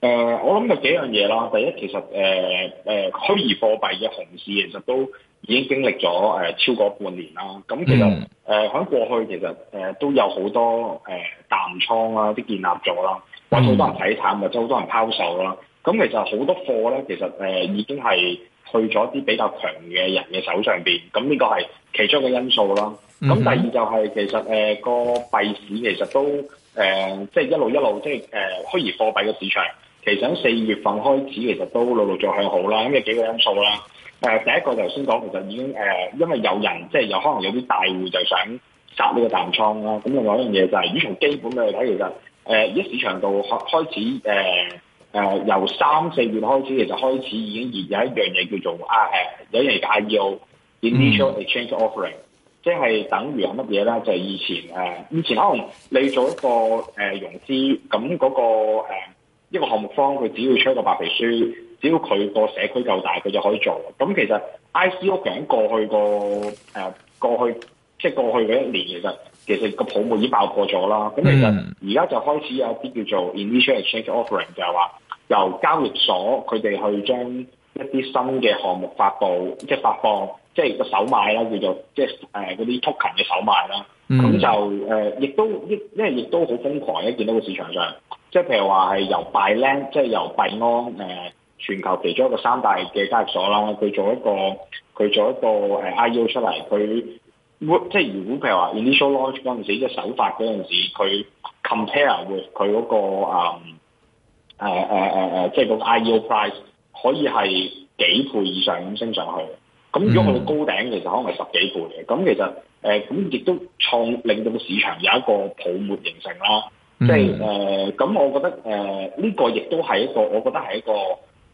誒、呃，我諗就幾樣嘢啦。第一，其實誒誒、呃呃、虛擬貨幣嘅熊市其實都已經經歷咗、呃、超過半年啦。咁其實誒喺、mm-hmm. 呃、過去其實、呃、都有好多誒、呃、淡倉啦，啲建立咗啦，或者好多人睇淡，或者好多人拋售啦。咁其實好多貨咧，其實、呃、已經係去咗啲比較強嘅人嘅手上邊。咁呢個係其中嘅因素啦。咁、mm-hmm. 第二就係、是、其實誒、呃、個幣市其實都誒即係一路一路即係誒虛擬貨幣嘅市場。其實喺四月份開始，其實都陸陸續向好啦，因為幾個因素啦。第一個頭先講，其實已經、呃、因為有人即係有可能有啲大戶就想殺呢個淡倉啦。咁另外一樣嘢就係、是，如果從基本嘅嚟睇，其實一啲、呃、市場度開始、呃呃、由三四月開始，其實開始已經熱有一樣嘢叫做啊，啊有一樣嘢叫 I E O（Initial Exchange Offering），即、嗯、係、就是、等於係乜嘢咧？就係、是、以前、呃、以前可能你做一個、呃、融資，咁嗰、那個、呃一個項目方佢只要出一個白皮書，只要佢個社區夠大，佢就可以做。咁其實 ICO 喺過去個、呃、過去即係過去嗰一年，其實其實個泡沫已經爆破咗啦。咁其實而家就開始有啲叫做 Initial Exchange Offering，就係話由交易所佢哋去將一啲新嘅項目發佈，即係發放，即係個首賣啦，叫做即係嗰啲 token 嘅首賣啦。咁就亦、呃、都亦因為亦都好瘋狂一見到個市場上。即係譬如話係由 Binance，即係由幣安誒全球其中一個三大嘅交易所啦，佢做一個佢做一個誒 IEO 出嚟，佢即係如果譬如話 initial launch 嗰陣時，即係首發嗰陣時，佢 compare 會佢嗰個誒誒、呃呃呃、即係個 IEO price 可以係幾倍以上咁升上去。咁如果佢高頂，其實可能係十幾倍嘅。咁其實誒咁亦都創令到個市場有一個泡沫形成啦。即係誒，咁、 就是呃、我覺得誒，呢、呃這個亦都係一個，我覺得係一個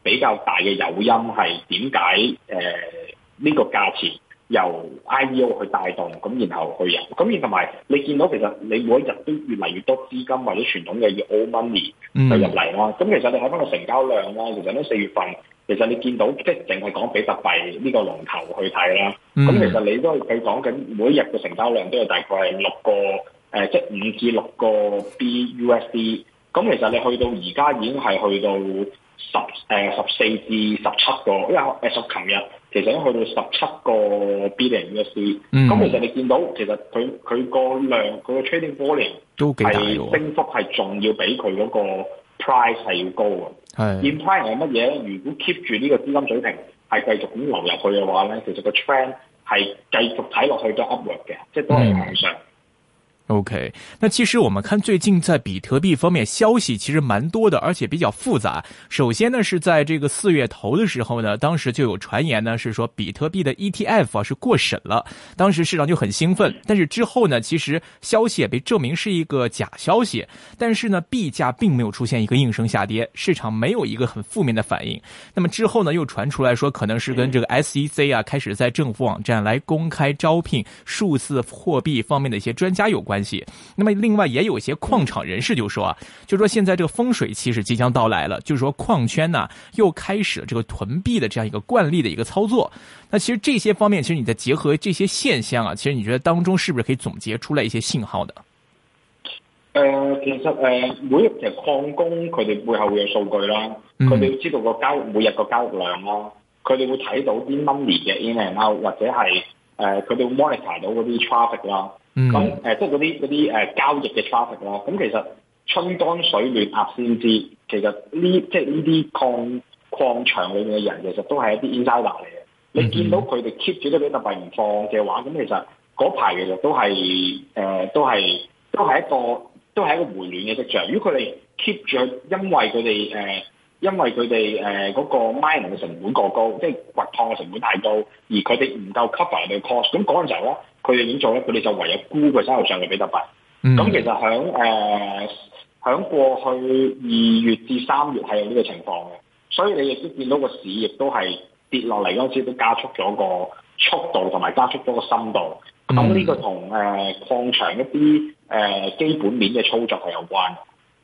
比較大嘅誘因，係點解誒呢個價錢由 I E O 去帶動，咁然後去入，咁然後同埋你見到其實你每一日都越嚟越多資金或者傳統嘅 old money 去入嚟啦。咁 其實你睇翻個成交量啦，其實呢四月份，其實你見到即係淨係講比特幣呢個龍頭去睇啦，咁其實你都係講緊每一日嘅成交量都係大概係六個。誒，即係五至六個 BUSD，咁其實你去到而家已經係去到十誒十四至十七個，因為誒，琴日其實已經去到十七個 B 零 USD，嗯。咁其實你見到其實佢佢個量，佢個 trading volume 係升幅係仲要比佢嗰個 price 係要高啊。係，important 係乜嘢咧？如果 keep 住呢個資金水平係繼續咁流入去嘅話咧，其實個 trend 係繼續睇落去都 upward 嘅，即係都係向上。嗯 OK，那其實我們看最近在比特幣方面消息其實蠻多的，而且比較複雜。首先呢是在這個四月頭的時候呢，當時就有傳言呢是說比特幣的 ETF 啊是過審了，當時市場就很興奮。但是之後呢，其實消息也被證明是一個假消息，但是呢幣價並沒有出現一個應聲下跌，市場沒有一個很負面的反應。那麼之後呢又傳出來說可能是跟這個 SEC 啊開始在政府網站來公開招聘數字貨幣方面的一些專家有關。關係，那麼另外也有一些礦場人士就說啊，就是說現在這個豐水期是即將到來了，就是說礦圈呢、啊、又開始了這個囤幣的這樣一個慣例的一個操作。那其實這些方面，其實你在結合這些現象啊，其實你覺得當中是不是可以總結出來一些信號的？呃，其實呃，每一隻礦工佢哋背後會有數據啦，佢哋知道個交每日個交易量啦，佢哋會睇到啲 money 嘅 in and out，或者係誒，佢、呃、哋會 monitor 到嗰啲 traffic 啦。咁、嗯、誒，即係嗰啲嗰啲誒交易嘅 traffic 咯、呃。咁其實春江水暖鴨先知，其實呢即係呢啲礦礦場裏面嘅人，其實都係一啲 insider 嚟嘅。你見到佢哋 keep 住嗰啲比特幣唔放嘅話，咁、呃、其實嗰排其實都係誒、呃，都係都係一個都係一個回暖嘅跡象。如果佢哋 keep 住、呃，因為佢哋誒，因為佢哋嗰個 mining 嘅成本過高，即係掘礦嘅成本太高，而佢哋唔夠 cover 人哋嘅 cost，咁嗰陣時候咧。佢哋已經做咧，佢哋就唯有沽佢收入上嘅比特幣。咁、嗯、其實喺誒喺過去二月至三月係有呢個情況嘅，所以你亦都見到個市亦都係跌落嚟嗰陣時都加速咗個速度同埋加速咗個深度。咁呢個同誒礦場一啲誒、呃、基本面嘅操作係有關的。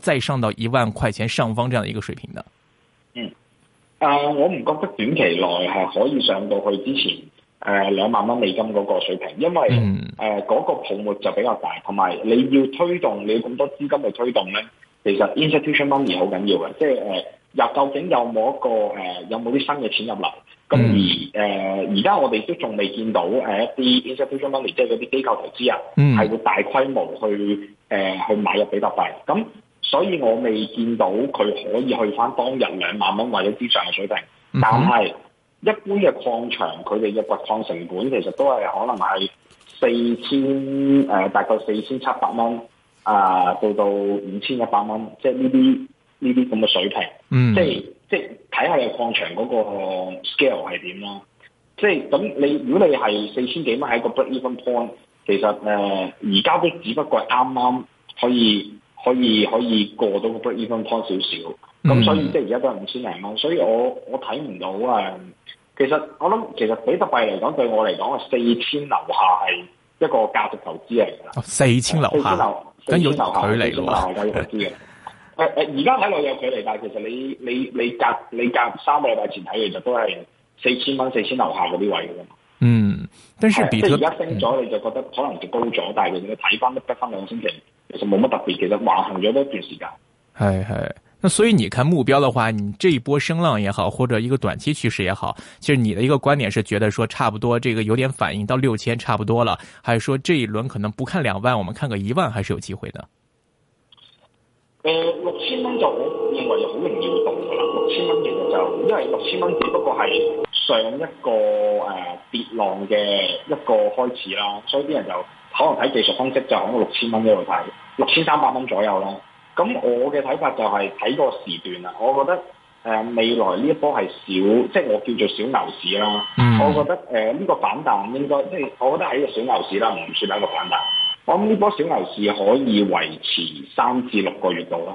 再上到一萬塊錢上方，這樣的一個水平的。嗯。呃、我唔覺得短期內係可以上到去之前誒、呃、兩萬蚊美金嗰個水平，因為誒嗰、嗯呃那個泡沫就比較大，同埋你要推動你咁多資金去推動咧，其實 institution money 好緊要嘅，即係誒、呃、究竟有冇一個誒、呃、有冇啲新嘅錢入嚟？咁、嗯、而誒而家我哋都仲未見到誒一啲 institution money，即係嗰啲機構投資啊，係、嗯、會大規模去誒、呃、去買入比特幣咁。所以我未見到佢可以去翻當日兩萬蚊或者之上嘅水平，嗯、但係一般嘅礦場佢哋嘅掘礦成本其實都係可能係四千，誒大概四千七百蚊啊，到到五千一百蚊，即係呢啲呢啲咁嘅水平，嗯、即係即係睇下你礦場嗰個 scale 係點咯，即係咁你如果你係四千幾蚊喺個 break even point，其實而家、呃、都只不過係啱啱可以。可以可以過到個 breaking point 少少，咁、嗯、所以即係而家都係五千零蚊，所以我我睇唔到啊。其實我諗，其實比特幣嚟講，對我嚟講，四千樓下係一個價值投資嚟噶。四千樓下，四千樓下，跟住有距離咯嘛。四千樓下，價值投資嘅。誒誒，而家睇落有距離，但係其實你你你隔你隔三個禮拜前睇，其實都係四千蚊、四千樓下嗰啲位嘅。嗯，但是即係而家升咗，你就覺得可能就高咗、嗯，但係你睇翻都得翻兩千幾。其實冇乜特別，其實橫行咗一段時間。係、哎、係、哎，那所以你看目標的話，你這一波升浪也好，或者一個短期趨勢也好，其實你的一個觀點是覺得說，差不多這個有點反應到六千，差不多了，還是說這一輪可能不看兩萬，我們看個一萬，還是有機會的？呃、六千蚊就我認為就好容易動噶啦，六千蚊其實就因為六千蚊只不過係上一個誒、呃、跌浪嘅一個開始啦，所以啲人就。可能睇技術分析就喺個六千蚊嗰度睇，六千三百蚊左右啦。咁我嘅睇法就係、是、睇個時段啦。我覺得誒、呃、未來呢一波係小，即係我叫做小牛市啦、嗯。我覺得誒呢、呃這個反彈應該即係，我覺得係一個小牛市啦，唔算係一個反彈。我諗呢波小牛市可以維持三至六個月度啦。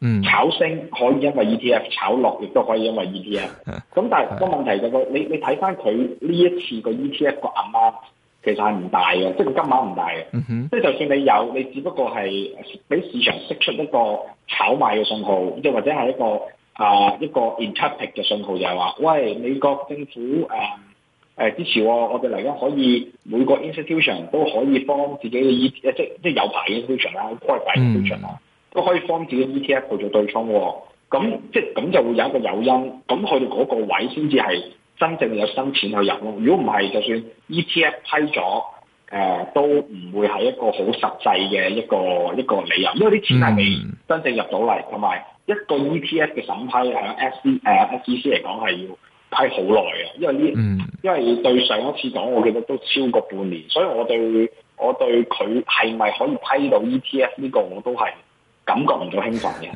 嗯、炒升可以因為 E T F，炒落亦都可以因為 E T F。咁但係個問題就個、是，你你睇翻佢呢一次個 E T F 個 amount 其實係唔大嘅，即係個金額唔大嘅。嗯、哼即係就算你有，你只不過係俾市場釋出一個炒賣嘅信號，即或者係一個啊、呃、一個 intake 嘅信號就，就係話喂，美國政府誒誒、呃呃、支持我、哦，我哋嚟緊可以每個 institution 都可以幫自己嘅 E，即 f 即係有牌 institution 啦、啊，關嘅 institution 啦。都可以防止 E T F 去做對沖、哦，咁即係咁就會有一個誘因咁去到嗰個位先至係真正有新錢去入咯。如果唔係，就算 E T F 批咗，誒、呃、都唔會係一個好實際嘅一個一個理由，因為啲錢係未真正入到嚟，同、嗯、埋一個 E T F 嘅審批喺 S E C 嚟講係要批好耐嘅，因為呢、嗯、因為對上一次講，我記得都超過半年，所以我對我對佢係咪可以批到 E T F 呢、呢個我都係。監管都很重的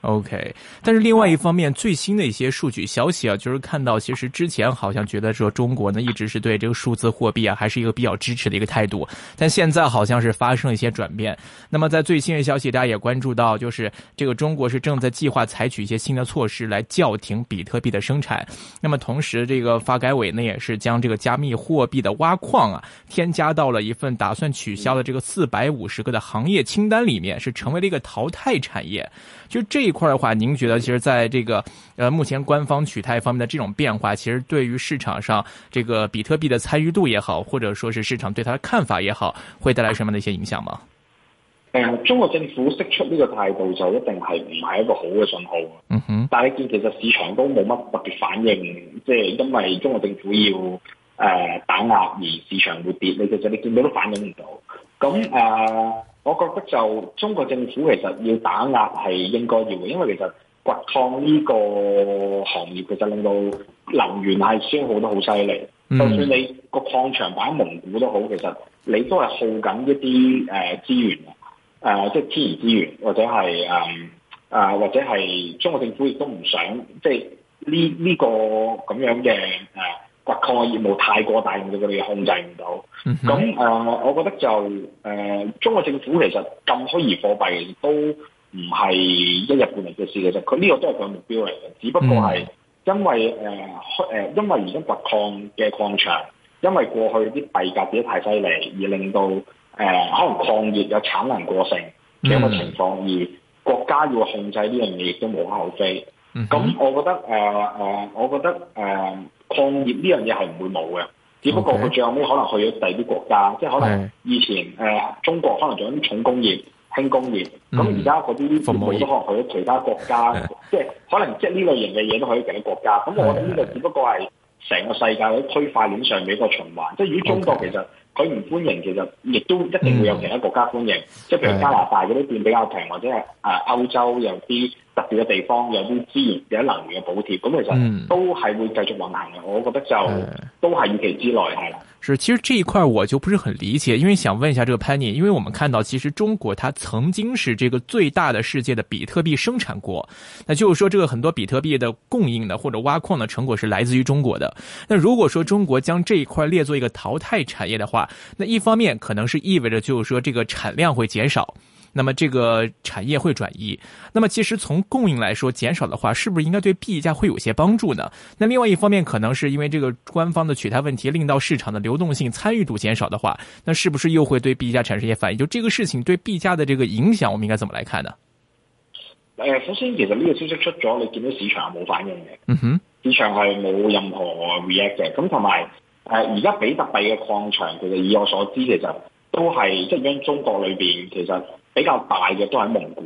，OK。但是另外一方面，最新的一些數據消息啊，就是看到其實之前好像覺得說中國呢一直是對這個數字貨幣啊還是一個比較支持的一個態度，但現在好像是發生了一些轉變。那麼在最新的消息，大家也關注到，就是這個中國是正在計劃採取一些新的措施來叫停比特幣的生產。那麼同時，這個發改委呢也是將這個加密貨幣的挖礦啊添加到了一份打算取消的這個四百五十個的行業清單裏面，是成為了一個淘汰。泰產業，就這一塊的話，您覺得其實在這個呃目前官方取態方面的這種變化，其實對於市場上這個比特幣的參與度也好，或者說是市場對它的看法也好，會帶來什麼的一些影響嗎？誒、嗯，中國政府釋出呢個態度就一定係唔係一個好嘅信號。嗯哼，但係你見其實市場都冇乜特別反應，即、就、係、是、因為中國政府要誒、呃、打壓，而市場會跌，你其實你見到都反應唔到。咁誒，uh, 我覺得就中國政府其實要打壓係應該要嘅，因為其實掘礦呢個行業其實令到能源係消耗得好犀利。就算你個礦場擺喺蒙古都好，其實你都係耗緊一啲誒、uh, 資源啊，uh, 即係天然資源,資源或者係誒、um, uh, 或者係中國政府亦都唔想即係呢呢個咁樣嘅誒。Uh, 掘礦嘅業務太過大，佢哋控制唔到。咁、嗯、誒、呃，我覺得就誒、呃，中國政府其實禁虛擬貨幣都唔係一日半日嘅事嘅啫。佢呢個都係佢目標嚟嘅，只不過係因為誒誒、嗯呃，因為而家掘礦嘅礦場，因為過去啲幣價跌得太犀利，而令到誒、呃、可能礦業有產能過剩嘅一個情況、嗯，而國家要控制呢樣嘢亦都無可厚非。咁、嗯、我覺得誒誒、呃呃，我覺得誒。呃礦業呢樣嘢係唔會冇嘅，只不過佢最後尾可能去咗第二啲國家，okay. 即係可能以前誒、呃、中國可能做啲重工業、輕工業，咁而家嗰啲全部都可能去咗其他國家， 即係可能即係呢類型嘅嘢都可以其他國家。咁 我覺得呢個只不過係成個世界嘅區塊鏈上面一個循環。即係如果中國其實。Okay. 佢唔歡迎，其實亦都一定會有其他國家歡迎，即係譬如，加拿大啲電比較平，嗯，或者係誒、呃、歐洲有啲特別嘅地方有啲資源、有能源嘅補貼，咁其實都係會繼續運行嘅。我覺得就、嗯、都係預期之內，係啦。是，其實這一塊我就不是很理解，因為想問一下這個 Penny，因為我們看到其實中國它曾經是這個最大的世界的比特幣生產國，那就是說這個很多比特幣的供應的或者挖礦的成果是來自於中國的。那如果說中國將這一塊列作一個淘汰產業的話。那一方面可能是意味着，就是說這個產量會減少，那麼這個產業會轉移。那麼其實從供應來說，減少的話，是不是應該對幣價會有些幫助呢？那另外一方面，可能是因為這個官方的取態問題，令到市場的流動性參與度減少的話，那是不是又會對幣價產生一些反應？就這個事情對幣價的這個影響，我們應該怎麼來看呢？誒，首先，其實呢個消息出咗，你見到市場係冇反應嘅，嗯哼，市場係冇任何 react 嘅，咁同埋。誒，而家比特幣嘅礦場其實，以我所知，其實都係即係喺中國裏面，其實比較大嘅都係蒙古。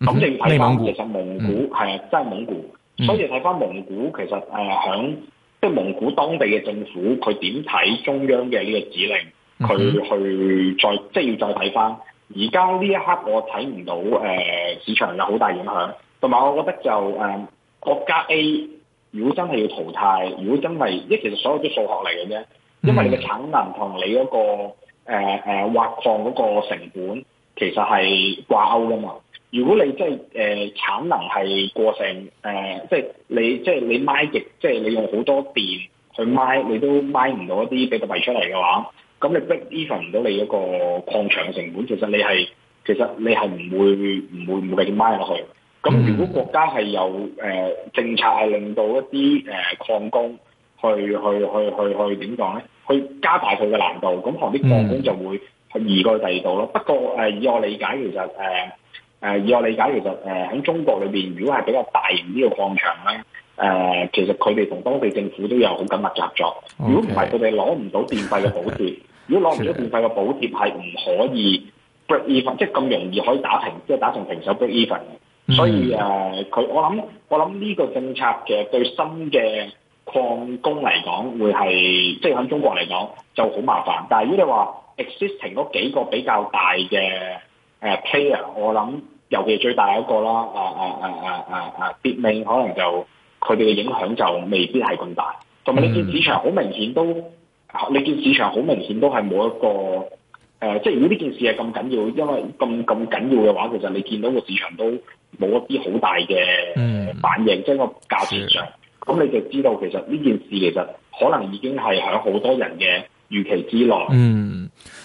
咁你睇翻其實蒙古係啊，真係、嗯、蒙古。嗯、所以睇翻蒙古其實，誒響，即係蒙古當地嘅政府，佢點睇中央嘅呢個指令？佢去再即係要再睇翻。而家呢一刻我睇唔到、呃、市場有好大影響。同埋我覺得就誒、呃、國家 A。如果真係要淘汰，如果真係，因為其實所有都數學嚟嘅啫，因為你嘅產能同你嗰個誒誒挖礦嗰個成本其實係掛鈎㗎嘛。如果你即係誒產能係過剩，誒即係你即係你 mine 極，即係你用好多電去 mine，嗯，你都 mine 唔到一啲比特幣出嚟嘅話，咁你 break even 唔到你嗰個礦場嘅成本，其實你係其實你係唔會唔會唔會繼續 mine 落去。咁、嗯、如果國家係有誒、呃、政策係令到一啲誒礦工去去去去去點講咧？去加大佢嘅難度，咁可能啲礦工就會去移過去第二度咯。不過誒、呃，以我理解其實誒誒、呃，以我理解其實誒喺中國裏邊，如果係比較大型呢個礦場咧，誒、呃、其實佢哋同當地政府都有好緊密合作。Okay, 如果唔係佢哋攞唔到電費嘅補貼，okay, 如果攞唔到電費嘅補貼係唔、okay, 可以 break even，即係咁容易可以打平即係打成平手 break even。所以誒，佢我諗，我諗呢個政策嘅對新嘅礦工嚟講會，會係即係喺中國嚟講就好麻煩。但係如果你話 existing 嗰幾個比較大嘅 player 我諗尤其最大一個啦，啊啊啊啊啊啊，Bitmain 可能就佢哋嘅影響就未必係咁大。同埋你見市場好明顯都，你、嗯、見市場好明顯都係冇一個。誒、呃，即係如果呢件事係咁緊要，因為咁咁緊要嘅話，其實你見到個市場都冇一啲好大嘅反應，嗯、即係個價錢上，咁你就知道其實呢件事其實可能已經係喺好多人嘅預期之內。嗯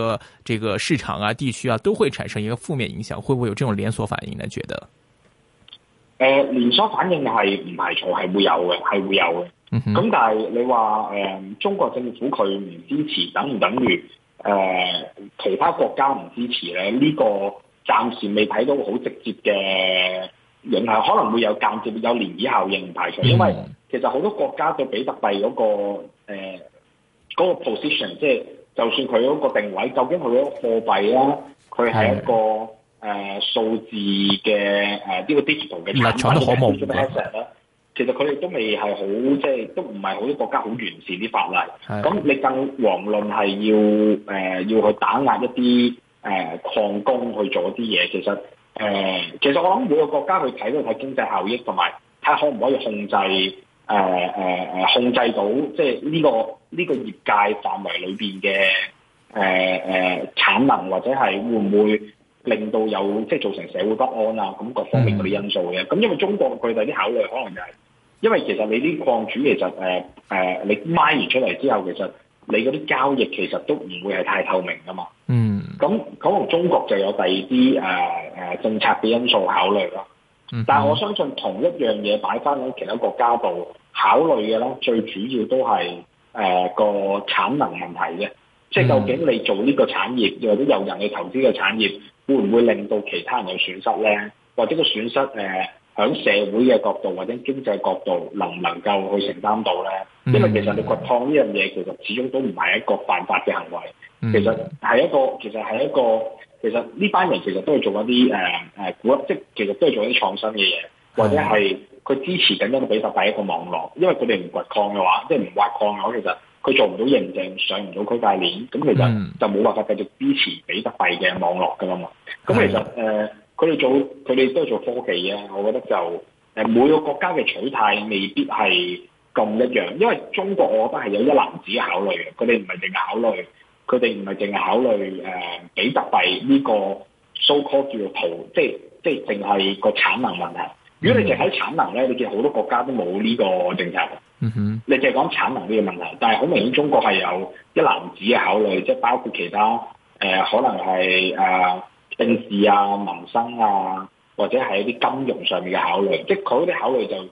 個這個市場啊、地區啊，都會產生一個負面影響，會唔會有這種連鎖反應呢？覺得誒，連鎖反應係唔排除係會有嘅，係會有嘅。咁、嗯、但係你話誒、呃，中國政府佢唔支持，等唔等於誒、呃、其他國家唔支持咧？呢、這個暫時未睇到好直接嘅影響，可能會有間接有漣漪效應，唔排除、嗯。因為其實好多國家對比特幣嗰、那個誒嗰、呃那個 position 即係。就算佢嗰個定位，究竟佢嗰個貨幣咧、啊，佢係一個誒、呃、數字嘅誒呢個 digital 嘅產產物啦。其實佢哋都未係好，即係都唔係好多國家好完善啲法例。咁你更遑論係要誒、呃、要去打壓一啲誒、呃、礦工去做一啲嘢。其實誒、呃，其實我諗每個國家去睇都睇經濟效益同埋睇下可唔可以控制，誒、呃、誒、呃、控制到即係、這、呢個呢、這個業界範圍裏面嘅誒誒產能，或者係會唔會令到有即係造成社會不安啊？咁各方面嗰啲因素嘅，咁、mm. 因為中國佢哋啲考慮可能就係、是，因為其實你啲礦主其實誒、呃、你 mine 完出嚟之後，其實你嗰啲交易其實都唔會係太透明㗎嘛。嗯。咁可能中國就有第二啲誒政策嘅因素考慮咯。嗯、但係我相信同一樣嘢擺翻喺其他國家度考慮嘅咧，最主要都係誒、呃、個產能問題嘅，即係究竟你做呢個產業，又或者有人去投資嘅產業，會唔會令到其他人有損失咧？或者個損失誒響、呃、社會嘅角度或者經濟角度能唔能夠去承擔到咧？因為其實你焗湯呢樣嘢，其實始終都唔係一個犯法嘅行為，其實係一個其實係一個。其實其實呢班人其實都係做一啲誒誒股，即其實都係做一啲創新嘅嘢，或者係佢支持緊一個比特幣一個網絡，因為佢哋唔掘礦嘅話，即係唔挖礦嘅話，其實佢做唔到認證，上唔到區塊鏈，咁其實就冇辦法繼續支持比特幣嘅網絡噶啦嘛。咁其實誒，佢、呃、哋做佢哋都係做科技嘅，我覺得就誒、呃、每個國家嘅取態未必係咁一樣，因為中國我覺得係有一籃子考慮嘅，佢哋唔係淨考慮。佢哋唔係淨係考慮誒、呃、比特幣呢個 so called 叫圖，即係即係淨係個產能問題。如果你淨係睇產能咧，你見好多國家都冇呢個政策。嗯哼，你淨係講產能呢個問題，但係好明顯中國係有一籃子嘅考慮，即係包括其他誒、呃，可能係誒、呃、政治啊、民生啊，或者係一啲金融上面嘅考慮。即係佢嗰啲考慮就誒、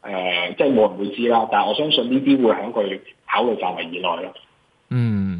呃，即係冇人會知啦。但係我相信呢啲會喺佢考慮範圍以內咯。嗯。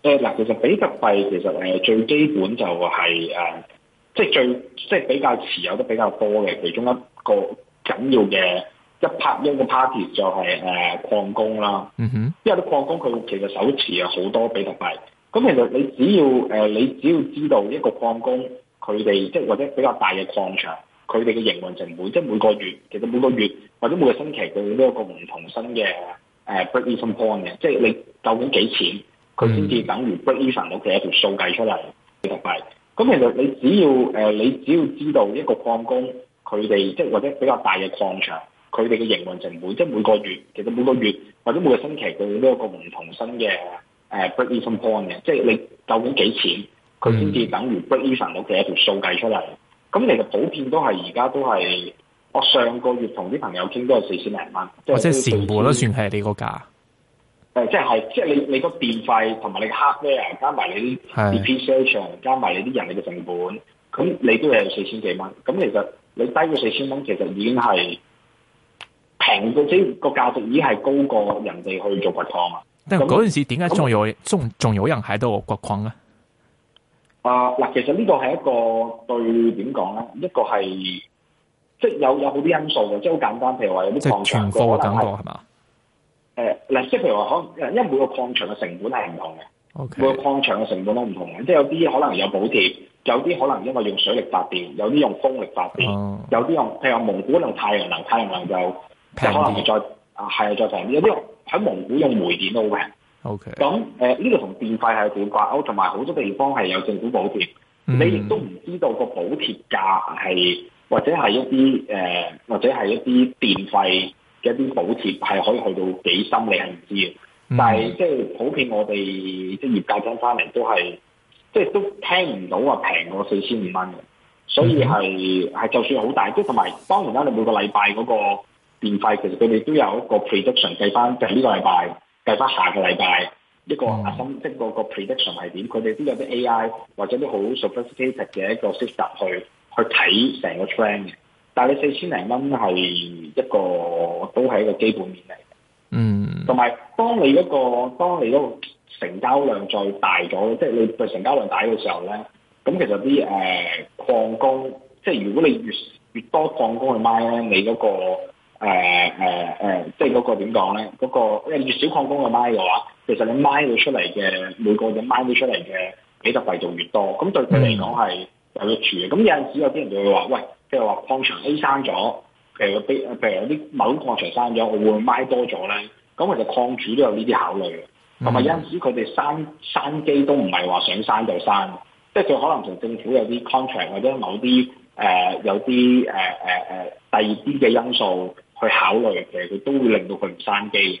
誒、呃、嗱，其實比特幣其實誒、呃、最基本就係、是、誒、呃，即係最即係比較持有得比較多嘅其中一個緊要嘅一 part，一個 party 就係、是、誒、呃、礦工啦。嗯哼，因為啲礦工佢其實手持有好多比特幣。咁其實你只要誒、呃、你只要知道一個礦工佢哋即係或者比較大嘅礦場，佢哋嘅營運成本，即係每個月其實每個月或者每個星期佢都有個唔同的新嘅誒、呃、break even point 嘅，即係你究竟幾錢？佢先至等於 break even 屋企一條數計出嚟其實係。咁其實你只要誒、呃，你只要知道一個礦工佢哋，即係或者比較大嘅礦場，佢哋嘅營運成本，即係每個月，其實每個月或者每個星期佢都有個唔同的新嘅誒 break even point 嘅，即係你究竟幾錢？佢先至等於 break even 屋企一條數計出嚟。咁、嗯、其實普遍都係而家都係，我、哦、上個月同啲朋友傾都係四千零蚊。即係全部都算係呢個價。誒，即係，即係你的電費和你個電費同埋你 hardware 加埋你啲 depreciation 加埋你啲人力嘅成本，咁你都係四千幾蚊。咁其實你低過四千蚊，其實已經係平到，即係個價值已經係高過人哋去做掘礦啊！但係嗰時點解仲有仲仲有，有人喺度掘礦咧？啊，嗱，其實呢個係一個對點講咧，一個係即係有有好啲因素嘅，即係好簡單，譬如話有啲礦場嘅感覺係嘛？誒，嗱，即係譬如話可，因為每個礦場嘅成本係唔同嘅，okay. 每個礦場嘅成本都唔同嘅，即係有啲可能有補貼，有啲可能因為用水力發電，有啲用風力發電，oh. 有啲用，譬如蒙古用太陽能，太陽能就，就可能會再，係、啊、再平啲，有啲喺蒙古用煤電都嘅，OK。咁、呃、誒，呢度同電費係掛鈎，O，同埋好多地方係有政府補貼，mm. 你亦都唔知道個補貼價係，或者係一啲誒、呃，或者係一啲電費。嘅一啲補貼係可以去到幾深，你係唔知嘅。Mm-hmm. 但係即係普遍我，我哋即係業界翻翻嚟都係，即係都聽唔到話平過四千五蚊嘅。所以係係、mm-hmm. 就算好大，即同埋當然啦，你每個禮拜嗰個電費，其實佢哋都有一個 prediction 計翻，即係呢個禮拜計翻下個禮拜一個核心、mm-hmm. 即係個 prediction 係點，佢哋都有啲 AI 或者啲好 sophisticated 嘅一個 system 去去睇成個 trend 嘅。但係你四千零蚊係一個都係一個基本面嚟，嗯，同埋當你一、那個當你嗰個成交量再大咗即係你對成交量大嘅時候咧，咁其實啲誒、呃、礦工，即係如果你越越多礦工去 mine、那個呃呃、呢，你、那、嗰個誒誒即係嗰個點講咧，嗰個因為越少礦工去 mine 嘅話，其實你 mine 到出嚟嘅每個你 mine 到出嚟嘅比特幣仲越多，咁對佢嚟講係有益處嘅。咁有陣時有啲人就會話，喂。譬、就是、如話礦場 A 刪咗，譬如比譬如有啲某礦場刪咗，我會買多咗咧。咁其實礦主都有呢啲考慮嘅，同埋因此佢哋刪刪機都唔係話想刪就刪，即係佢可能同政府有啲 contract 或者某啲誒、呃、有啲誒誒誒第二啲嘅因素去考慮嘅，其實佢都會令到佢唔刪機。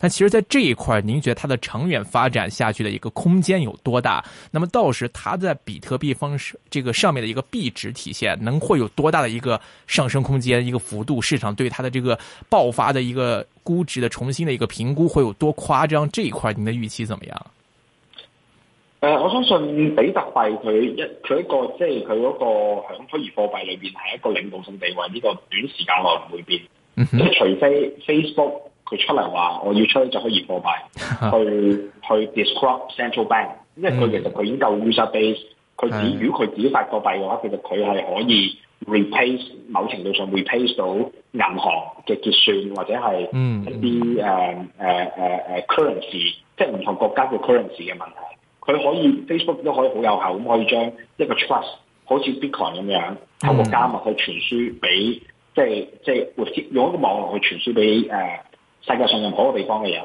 那其實，在這一塊，您覺得它的長遠發展下去的一個空間有多大？那麼，到時它在比特幣方式這個上面的一個幣值體現，能會有多大的一個上升空間？一個幅度？市場對它的這個爆發的一個估值的重新的一個評估，會有多誇張？這一塊，您的預期怎麼樣？呃，我相信比特幣，佢一佢一個即係佢個響虛擬貨幣裏邊係一個領導性地位，呢個短時間內唔會變，即係除非 Facebook。佢 出嚟，話我要出，就可以發貨幣去去 describe central bank，因為佢其實佢已經夠 user base，佢只 如果佢自己發貨幣嘅話，其實佢係可以 replace 某程度上 replace 到銀行嘅結算或者係一啲、 uh, uh, uh, uh, currency，即係唔同國家嘅 currency 嘅問題。佢可以 Facebook 都可以好有效咁可以將一個 trust 好似 Bitcoin 咁樣透過加密去傳輸俾，即係即係用一個網絡去傳輸俾世界上任何一個地方嘅人，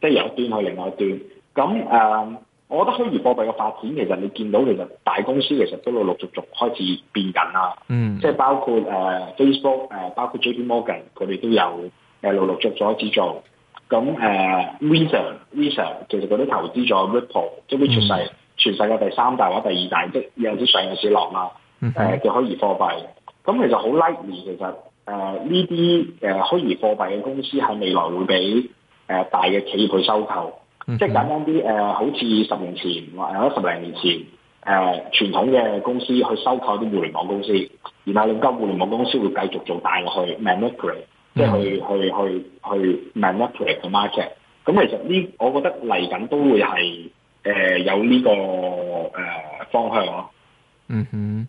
即係由一端去另外一端。咁誒，uh, 我覺得虛擬貨幣嘅發展其實你見到其實大公司其實都陸陸續續開始變緊啦。嗯、mm-hmm.，即係包括誒、uh, Facebook，誒、uh, 包括 JP Morgan 佢哋都有誒、uh, 陸陸續,續續開始做。咁誒 Visa，Visa 其實嗰啲投資咗 Ripple，、mm-hmm. 即係出世全世界第三大或者第二大，即、就是、有啲上有啲落啦。誒、mm-hmm. 嘅、uh, 虛擬貨幣，咁其實好 likely 其實。誒呢啲誒虛擬貨幣嘅公司喺未來會俾誒、呃、大嘅企業去收購，mm-hmm. 即係簡單啲誒，好似十年前或者十零年前誒、呃、傳統嘅公司去收購啲互聯網公司，然後令到互聯網公司會繼續做大落去 manipulate 即係去去去去 manipulate 個 market。咁其實呢，我覺得嚟緊都會係誒、呃、有呢、這個誒、呃、方向咯、啊。嗯哼。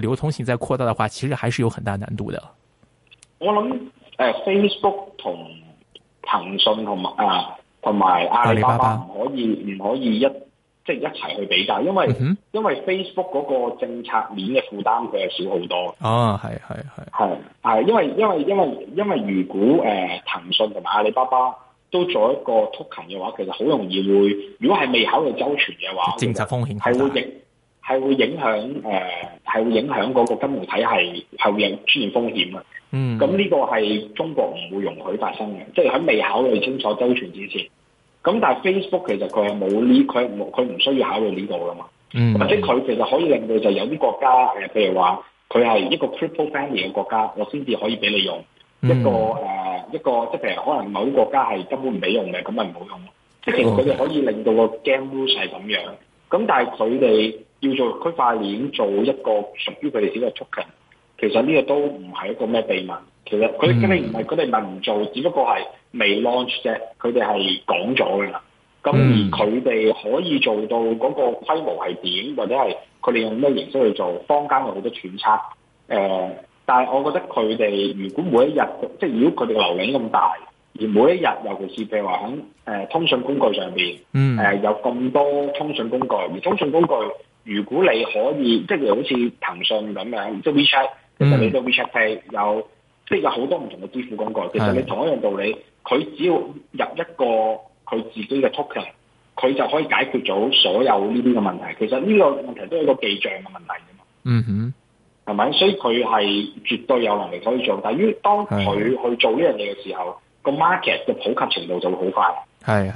流通性再擴大的話，其實還是有很大難度的。我諗誒，Facebook 同騰訊同埋啊，同埋阿里巴巴唔可以唔可以一即係、就是、一齊去比較，因為、嗯、因為 Facebook 嗰個政策面嘅負擔佢係少好多。哦，係係係係，啊，因為因為因為因為如果誒騰訊同埋阿里巴巴都做一個 token 嘅話，其實好容易會，如果係未考慮周全嘅話，政策風險係會。係會影響誒，係、呃、會影響嗰個金融體系，係會有出現風險啊！嗯，咁呢個係中國唔會容許發生嘅，即係喺未考慮清楚周全之前。咁但係 Facebook 其實佢係冇呢，佢佢唔需要考慮呢度噶嘛。嗯，或者佢其實可以令到就有啲國家誒、呃，譬如話佢係一個 crypto friendly 嘅國家，我先至可以俾你用、嗯、一個誒、呃、一個，即係譬如可能某啲國家係根本唔俾用嘅，咁咪唔好用咯、哦。即係其實佢哋可以令到個 game rule 係咁樣，咁但係佢哋。叫做區塊鏈做一個屬於佢哋自己嘅 token，其實呢個都唔係一個咩秘密。其實佢佢哋唔係佢哋唔唔做，只不過係未 launch 啫。佢哋係講咗㗎喇。咁而佢哋可以做到嗰個規模係點，或者係佢哋用咩形式去做，坊間有好多揣測。誒、呃，但係我覺得佢哋如果每一日即係如果佢哋嘅流量咁大，而每一日尤其係譬如話喺誒通訊工具上邊，誒、呃、有咁多通訊工具，而通訊工具如果你可以，即係好似騰訊咁樣，即係 WeChat，其、嗯、即係你個 WeChat 係有，即係有好多唔同嘅支付工具。其實你同一樣道理，佢只要入一個佢自己嘅 token，佢就可以解決咗所有呢啲嘅問題。其實呢個問題都係一個記賬嘅問題啊嘛。嗯哼，係咪？所以佢係絕對有能力可以做，但於於當佢去做呢樣嘢嘅時候，個 market 嘅普及程度就會好快。係係。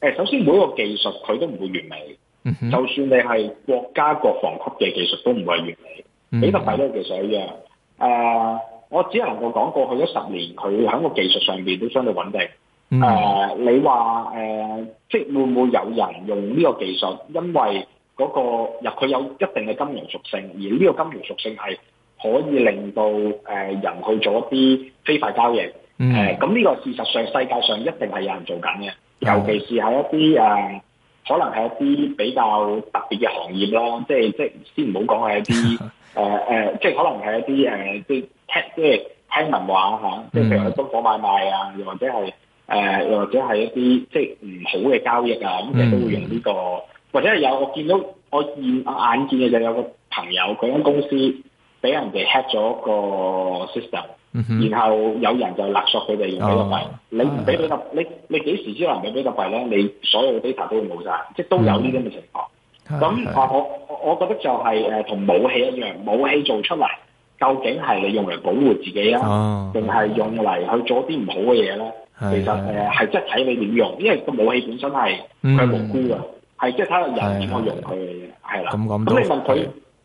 誒，首先每一個技術佢都唔會完美，嗯、就算你係國家國防級嘅技術都唔會完美，嗯、比特幣呢個技術係一樣。誒、uh，我只能夠講過去咗十年佢喺個技術上面都相對穩定。誒、uh, 嗯，你話誒，uh, 即係會唔會有人用呢個技術，因為嗰、那個入佢有一定嘅金融屬性，而呢個金融屬性係可以令到誒、uh, 人去做一啲非法交易。誒、uh, 嗯，咁呢個事實上世界上一定係有人做緊嘅。尤其是喺一啲誒、呃，可能係一啲比較特別嘅行業咯，即係即係先唔好講係一啲誒誒，即係可能係一啲誒、呃，即係聽即係聽聞話嚇，即係譬如喺當貨買賣啊，又或者係誒，又、呃、或者係一啲即係唔好嘅交易啊，咁你都會用呢、這個， 或者係有我見到我見我眼見嘅就是有個朋友佢間公司俾人哋 hack 咗個 system。然後有人就勒索佢哋用比特幣，你唔俾俾你你幾時先能畀比特幣咧？你所有嘅 data 都會冇曬，即係都有呢啲咁嘅情況。咁、嗯嗯嗯、我我覺得就係同武器一樣，武器做出嚟究竟係你用嚟保護自己啊，定、哦、係用嚟去做啲唔好嘅嘢咧？其實係即係睇你點用，因為個武器本身係佢、嗯、無辜嘅，係即係睇人點去用佢嘅啫。係啦，咁咁，咁你問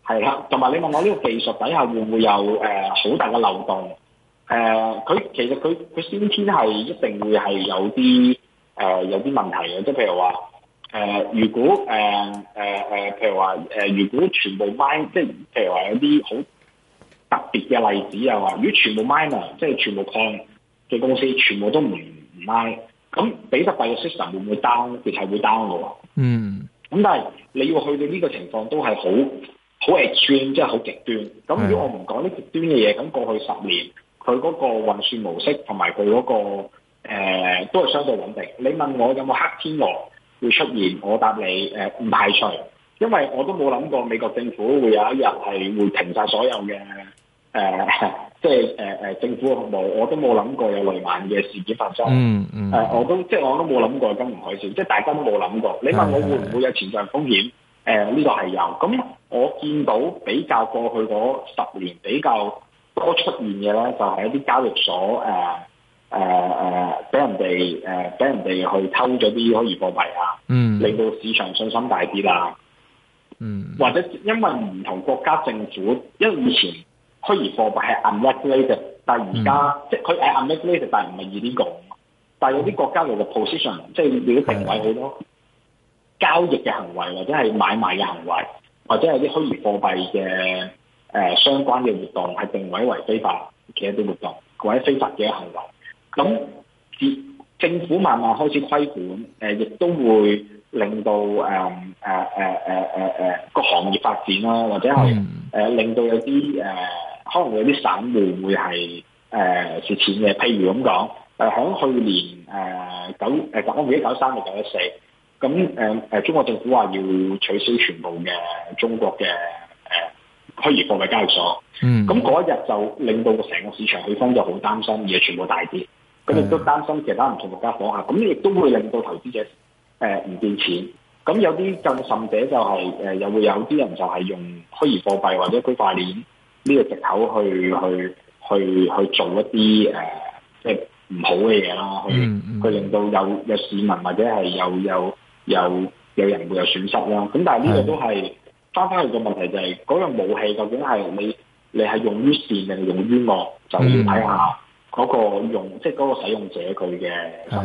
佢啦，同、嗯、埋你問我呢個技術底下會唔會有好、呃、大嘅漏洞？誒、呃，佢其實佢佢先天係一定會係有啲誒、呃、有啲問題嘅，即係譬如話誒，如果誒誒誒，譬如話誒，如果全部 mine，即係譬如話有啲好特別嘅例子又話，如果全部 miner，即係全部礦嘅公司全部都唔唔 mine，咁比特幣嘅 system 會唔會 down？其實係會 down 嘅喎。嗯。咁但係你要去到呢個情況都係好好 extreme，即係好極端。咁如果我唔講啲極端嘅嘢，咁過去十年。佢嗰個運算模式同埋佢嗰個、呃、都係相對穩定。你問我有冇黑天鵝會出現，我答你誒唔、呃、排除，因為我都冇諗過美國政府會有一日係會停晒所有嘅誒，即係誒誒政府嘅服務。我都冇諗過有雷曼嘅事件發生。嗯嗯，誒、呃、我都即係我都冇諗過金融海嘯，即係大家都冇諗過。你問我會唔會有潛在風險？誒呢個係有。咁我見到比較過去嗰十年比較。多出現嘅咧，就係一啲交易所誒誒俾人哋誒俾人哋去偷咗啲虛擬貨幣啊，令、嗯、到市場信心大啲啦。嗯，或者因為唔同國家政府，因為以前虛擬貨幣係 unregulated，但係而家、嗯、即係佢係 unregulated，但係唔係以呢用。但係有啲國家嚟到 position，、嗯、即係你都定位好多交易嘅行為或者係買賣嘅行為，或者係啲虛擬貨幣嘅。誒、呃、相關嘅活動係定位為非法嘅一啲活動，或者非法嘅行為。咁自政府慢慢開始規管，誒、呃、亦都會令到誒誒誒誒誒誒個行業發展啦，或者係誒、呃、令到有啲誒、呃、可能會有啲散戶會係誒蝕錢嘅。譬如咁講，誒、呃、喺去年誒、呃、九誒、呃、九幾、呃、九三定九一四，咁誒誒中國政府話要取消全部嘅中國嘅虛擬貨幣交易所，咁嗰日就令到成個市場氣氛就好擔心嘢全部大跌，咁亦都擔心其他唔同國家房客，咁亦都會令到投資者誒唔見錢，咁有啲更甚者就係誒又會有啲人就係用虛擬貨幣或者區塊鏈呢個藉口去去去去做一啲誒、呃、即係唔好嘅嘢啦，去令到有有市民或者係有有有有人會有損失啦，咁但係呢個都係。是翻翻嚟個問題就係，嗰樣武器究竟係你，你係用於善定係用於惡，就要睇下嗰個用，即係嗰個使用者佢嘅。嗯、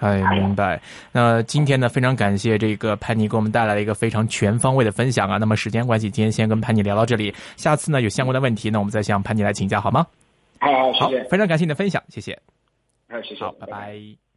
哎，係、哎、明白。那今天呢非常感謝這個潘妮，給我們帶來了一個非常全方位的分享啊！那麼時間關係，今天先跟潘妮聊到這裡，下次呢有相關嘅問題呢，我們再向潘妮來請教，好嗎？好、哎，好，非常感謝你的分享，謝謝。好、哎，謝謝，好，拜拜。哎，謝謝，拜拜。